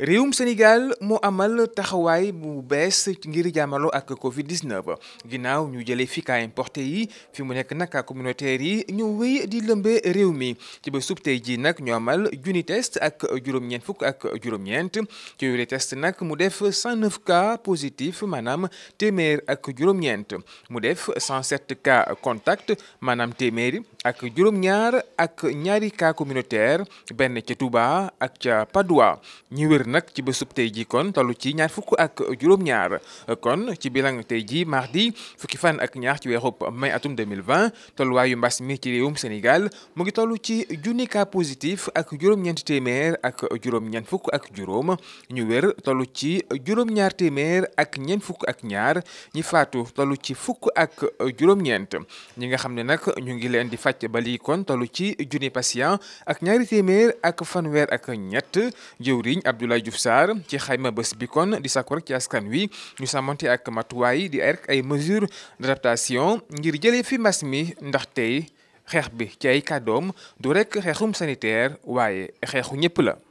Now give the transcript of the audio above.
réewum Sénégal moo amal taxawaay bu bees ngir jàmmaloo ak Covid 19 ginnaaw ñu jëlee fi importé yi fi mu nekk nag cas communautaire yi ñu wéy di lëmbee réew mi ci ba sub tey jii nag ñu amal junni test ak juróom-ñeent fukk ak juróom-ñeent ci nag mu def 109 cas positif maanaam téeméer ak juróom mu def 107 cas contact maanaam téeméeri ak juróom-ñaar ak ñaari cas communautaire benn ca Touba ak ca Padoua wër nag ci bésub tey ji kon toll ci ñaar fukk ak juróom-ñaar kon ci bilan tey ji mardi fukki fan ak ñaar ci weerub mai atum 2020 tolluwaayu mbas mi ci réewum Sénégal mu ngi tollu ci junni cas positif ak juróom téeméer ak juróom-ñeent fukk ak juróom ñu wér toll ci juróom-ñaar ak ñeent fukk ak ñaar ñi faatu toll ci fukk ak juróom-ñeent ñi nga xam ne nag ñu ngi leen di fàcc ba lii kon tollu ci junni patient ak ñaari téeméer ak fanweer ak ñett jëwriñ Abdoulaye Abdoulaye Diouf Sarr ci xayma bés bi kon di sàkku ci askan wi ñu sàmmante ak matuwaay di ay ay mesures d'adaptation ngir jële fi mbas mi ndax tey xeex bi ci ay kàddoom du rekk xeexum sanitaire waaye xeexu ñëpp la.